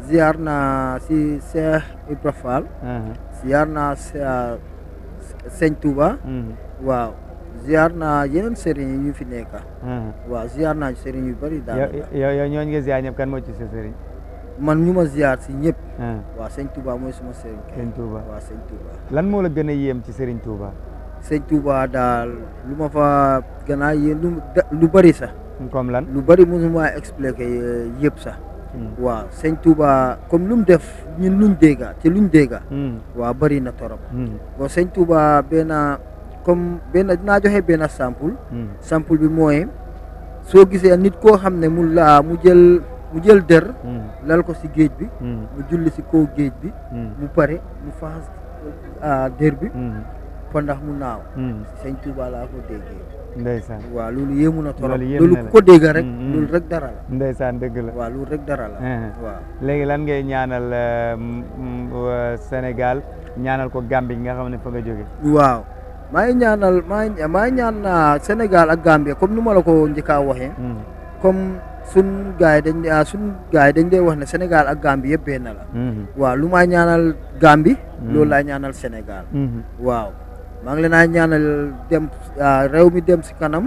S5: ziar naa si Cheikh Ibra Fall hmm. naa ah, Sëñ Touba waaw ziar naa yeneen sëriñ yi ñu fi nekk waaw ziar naa sëriñ yu bëri daal
S2: yow ñooñ nga ziar ñëpp kan moo ci sa sëriñ man ñu ma ziar si ñëpp. Ah.
S5: waaw sëñ Touba mooy suma sëriñ. sëñ Touba waaw sëñ Touba. lan moo la gën a yéem ci sëriñ Touba. sëñ Touba daal lu ma fa gana a yéem lu bëri sax. lan lu bëri mënuma expliqué eh, yëpp sax. Hmm. waaw sëñ Touba comme lu def ñun luñ dégga ci luñ dégga. Hmm. waa bari na torop. Hmm. bon sëñ Touba benn comme benn dinaa joxe benn sample. sample bi mooy soo gisee nit koo xam ne mu laa mu mu jël der hmm. lal ko si géej bi hmm. mu julli si kaw géej bi hmm. mu pare mu faxas euh, der bi pandax mu naaw sëñ Tuuba laa ko déggee ndeysaan waaw la
S2: ndeysaan rek dara eh. léegi lan ngay ñaanal euh, Sénégal ñaanal ko Gambie nga xam ne fa nga jóge
S5: waaw maa ngi euh, comme ni ma la ko njëkkaa sun gars yi dañ ah, sun gars dañ dee wax ne senegal ak Gambie yëpp benn la. Mhm. waaw lu maa ñaanal Gambie. Mhm. loolu laa ñaanal Sénégal. Mhm. waaw maa ngi leen a ñaanal ah, réew mi dem si kanam.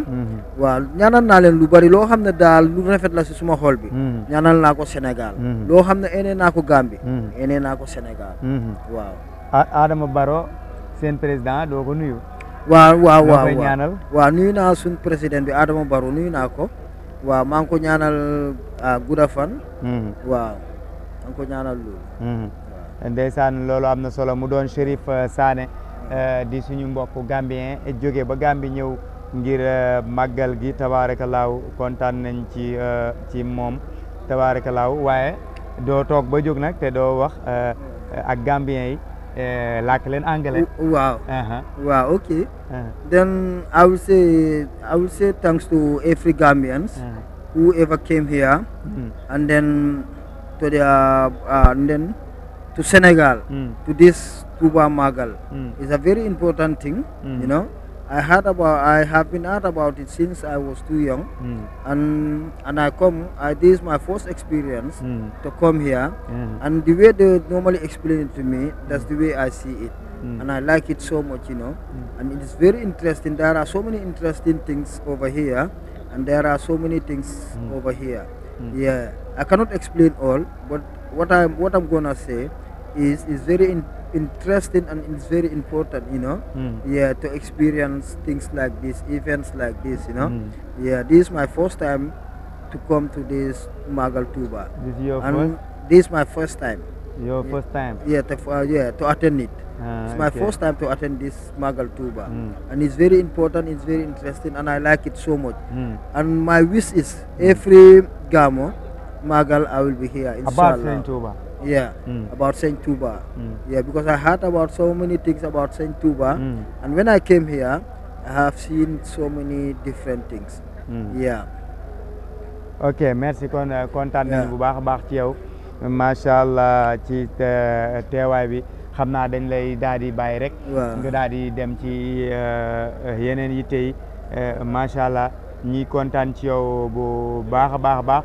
S5: waaw ñaanal naa leen lu bari loo xam ne daal lu rafet la si suma xol bi. ñaanal naa ko Sénégal. loo xam ne eenee naa ko Gambie. eenee naa ko Sénégal. waaw. Adama Barrow seen président doo ko nuyu. waaw waaw waaw waaw nuyu naa suñ président bi Adama Barrow nuyu naa ko. waaw maa ngi ñaanal ah, gudda fan. Mhm. waaw maa ngi ko ñaanal loolu.
S2: Mhm. ndeysaan loolu am na solo mu doon Chérif euh, Sané euh, di suñu mbokk Gambien jóge ba Gambie ñëw ngir euh, màggal gi tabaarakallaahu kontaan nañ ci ci moom tabaarakallaahu waaye doo toog ba jóg nag te doo wax ak Gambien yi. Eh, like Wow. Uh-huh. Wow. Okay. Uh-huh. Then
S5: I will say I will say thanks to every Gambians uh-huh. whoever came here, mm. and then to the uh, and then to Senegal mm. to this Tuba Magal mm. is a very important thing. Hmm. You know I heard about I have been heard about it since I was too young, mm. and and I come. I, this is my first experience mm. to come here, hmm. and the way they normally explain it to me, that's the hmm. way I see it, hmm. and I like it so much, you know. And it is very interesting. There are so many interesting things over here, and there are so many things over here. Yeah, I cannot explain all, but what I'm what I'm gonna say is is very in, interesting and it's very important you know mm. yeah to experience things like this events like this you know mm. yeah this is my first time to come to this magal tuba this is your and first this is my first time your yeah, first time yeah to, uh, yeah to attend it ah, it's my okay. first time to attend this magal tuba mm. and it's very important it's very interesting and i like it so much hmm. and my wish is every gamo magal i will be here in about tuba yeah, mm. about Saint Tuba. Mm. Yeah, because I heard about so many things about Saint Tuba, mm. and when I came here, I have seen so many different things.
S2: Hmm. Yeah. ok merci kon euh, kontaan nañu bu baax a baax ci yow macha allah ci teewaay bi xam naa dañ lay daal di rek. nga daal dem ci euh, yeneen yitte yi euh, macha ñi kontaan ci yow bu baax a baax a baax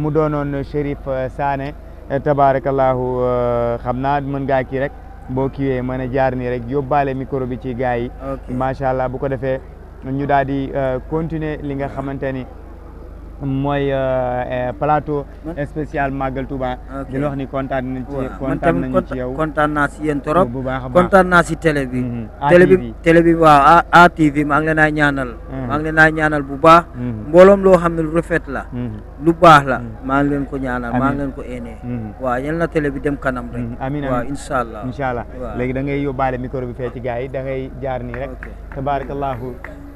S2: mu doonoon Cherif Sané. tabaarakallaahu euh, xam naa mën ngaa kii rek boo kiiwee mën a jaar nii rek yóbbaale micro ci gars yi. macha allah bu ko defee ñu daal di euh, continuer li nga xamante ni. mooy euh, euh, plateau spécial Magal Touba. di la wax ni kontaan nañ ci kontaan nañ ci yow kontaan naa si yéen trop bu baax baax kontaan naa si télé
S5: bi. Mm-hmm. télé bi télé bi waaw ATV maa ngi leen ñaanal. Mm-hmm. maa ngi leen a ñaanal bu baax. Mm-hmm. mbooloom loo xam ne lu rafet la. lu baax la maa ngi leen ko ñaanal maa ngi leen ko eenee.
S2: waaw yal na télé bi dem kanam rek. amiin waaw incha allah incha allah léegi da ngay yóbbaale micro bi fee ci yi da ngay jaar nii rek. tabaarakallaahu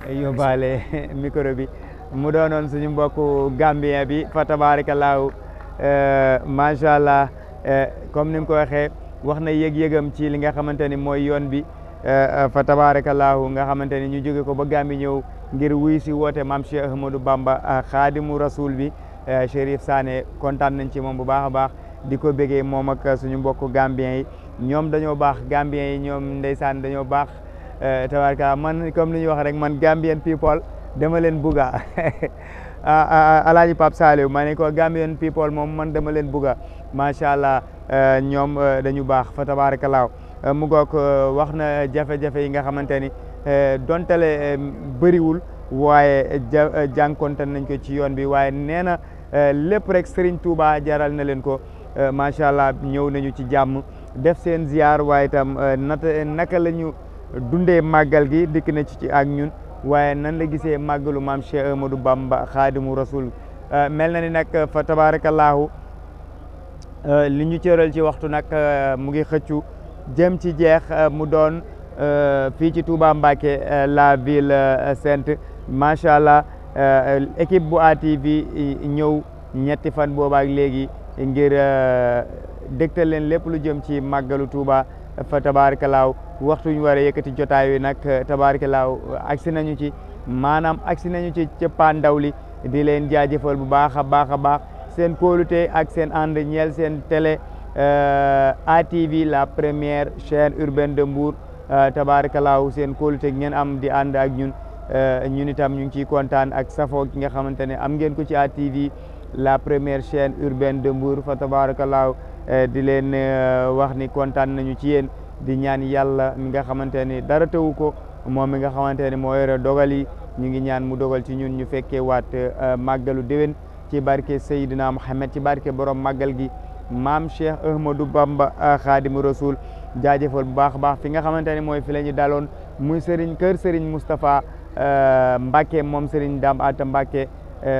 S2: yóbbaale micro bi. mu doonoon suñu mbokku gambien bi fa tabaarakallaahu euh, macha allah euh, comme ni nga ko waxee wax na yëg-yëgam ci li nga xamante ni mooy yoon bi euh, fa tabaarakallaahu nga xamante ni ñu jóge ko ba Gàmbi ñëw ngir wuy si woote maam Cheikh Ahmadou Bamba xaadimu rasul bi Chérif Sané kontaan nañ ci moom bu baax a baax di ko bégee moom ak suñu mbokku gambien yi ñoom dañoo baax gambien yi ñoom ndeysaan dañoo baax tabaaraka man comme ni ñu wax rek man Gambian people dama leen bugga ah, ah, ah, alaaji Pape Saliou ma ne ko Gambian people moom man dama leen bugga macha allah eh, ñoom eh, dañu baax fa tabaarakalaaw eh, mu goog wax na jafe-jafe yi nga xamante ni dontale bëriwul waaye ja jànkonte nañ ko ci yoon bi waaye nee na lépp rek Serigne Touba jaral na leen ko macha allah ñëw nañu ci jàmm def seen ziar waaye itam nata naka la ñu dundee màggal gi dikk na ci ci ak ñun. waaye nan la gisee màggalu maam Cheikh Amadou Bamba xaadimu rasul euh, mel na ni nag euh, fa tabaarakallaahu euh, li ñu cëral ci waxtu nag mu ngi xëccu jëm ci jeex mu doon fii ci Touba Mbacké la ville sainte macha allah équipe bu ATV ñëw ñetti fan boobaak léegi ngir dégtal leen lépp lu jëm ci màggalu Touba fa tabaarakallaahu waxtu ñu war a yëkkati jotaay wi nag eh, tabaarikallaaw eh, agsi nañu ci maanaam agsi nañu ci ca li di leen jaajëfal bu baax a baax a baax seen kóolute ak seen ànd ñeel seen télé eh, ATV la première chaîne urbaine de Mbour law seen kóolute ngeen am di ànd ak ñun ñun itam ñu ngi ciy kontaan ak safoo ki nga xamante ne am ngeen ko ci ATV la première chaîne urbaine de Mbour fa tabaarikallaaw di leen wax ni kontaan nañu ci yéen di ñaan yàlla mi nga xamante ni dara tewu ko moom mi nga xamante ni moo yore dogal yi ñu ngi ñaan mu dogal ci ñun ñu fekkee waat euh, màggalu déwén ci barke Seydina Mouhamed ci barke borom màggal gi maam Cheikh Ahmadou Bamba euh, Xaadimu Rasul jaajëfal bu baax a baax fi nga xamante ne mooy fi la ñu daloon muy Serigne kër Serigne Moustapha euh, Mbacke moom Serigne Dame Atta Mbacke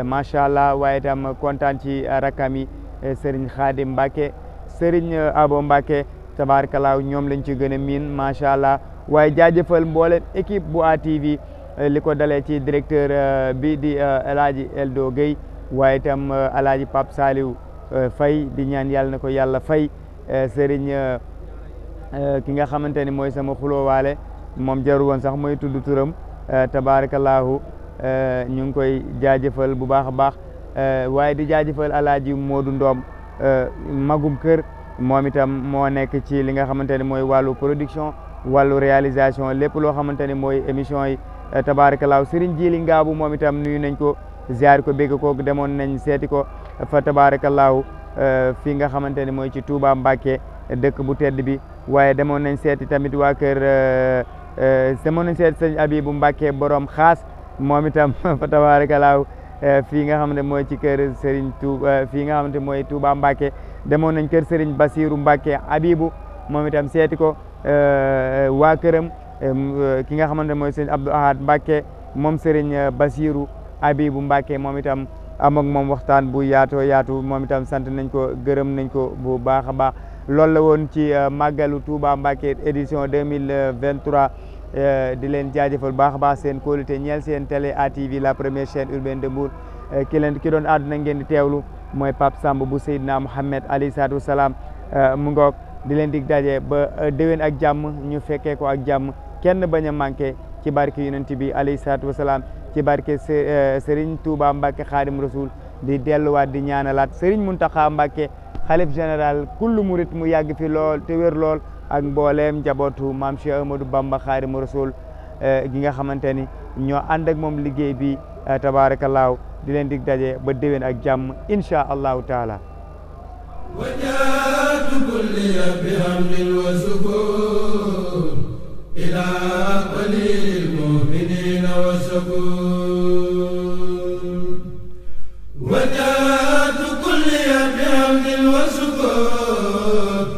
S2: macha allah waaye itam kontaan ci rakam yi Serigne Xaadim Mbacke Serigne Abo Mbacke tabaarkalaaw ñoom lañ ci gën miin macha allah waaye jaajëfal mboolem équipe bu ATV eh, li ko dalee ci directeur eh, bi di eh, El Hadj Eldo Guèye waaye itam El Hadj Pape Saliou Faye di ñaan yàlla na ko yàlla fay sëriñ ki nga xamante ni mooy sama waale moom jarul woon sax mooy tudd turam tabaarakallahu ñu ngi koy jaajëfal bu baax a baax waaye di jaajëfal El Hadj Modou Ndom magum kër. moom itam moo nekk ci li nga xamante ne mooy wàllu production wàllu réalisation lépp loo xamante ne mooy émission yi eh, tabaarakalaaw Serigne Jili Ngaabu moom itam nuyu nañ ko ziar ko bégg ko demoon nañ seeti ko fa tabaarakalaaw eh, fii nga xamante ne mooy ci Touba Mbacké dëkk bu tedd bi waaye demoon nañ seeti tamit waa kër eh, demoon nañ seeti sëñ Abibu Mbacké borom xaas moom itam fa fii nga xam ne mooy ci kër Serigne Touba fii nga xamante mooy Touba Mbacké demoon nañ kër Serigne Bassirou Mbacke Abibu moom itam seeti ko euh, euh, waa këram euh, ki nga xamante mooy Serigne Abdou Ahad Mbacke moom Serigne Bassirou Abibu mbake moom itam am ak moom waxtaan bu yaatoo yaatu moom itam sant nañ ko gërëm nañ ko bu baax a baax loolu la woon ci màggalu Touba Mbacke édition deux mille vingt trois di leen jaajëfal baax a baax seen kóolute ñeel seen télé ATV la première chaîne urbaine de Mbour ki leen ki doon àdduna ngeen di teewlu. mooy Pape Samb bu Seydina Mouhamed alayhi salaatu wasalaam euh, mu di leen dig daje ba euh, déwén ak jàmm ñu fekkee ko ak jàmm kenn bañ a manqué ci barke yonent bi alayhi salaatu wasalaam ci barke euh, Serigne Touba Mbacke Xaadim Rasul di delluwaat di ñaanalaat Serigne Mountakha Mbacke xalif général kullu murit mu yàgg fi lool te wér lool ak mbooleem njabootu maam Cheikh Amadou Bamba Xaadim Rasul gi nga xamante ni ñoo ànd moom liggéey bi tabaarakallaahu di leen dig daje ba déwén ak jàmm incha allahu taala
S1: وجاءت كل بهم وسكون إلى قليل المؤمنين وسكون وجاءت كل بهم وسكون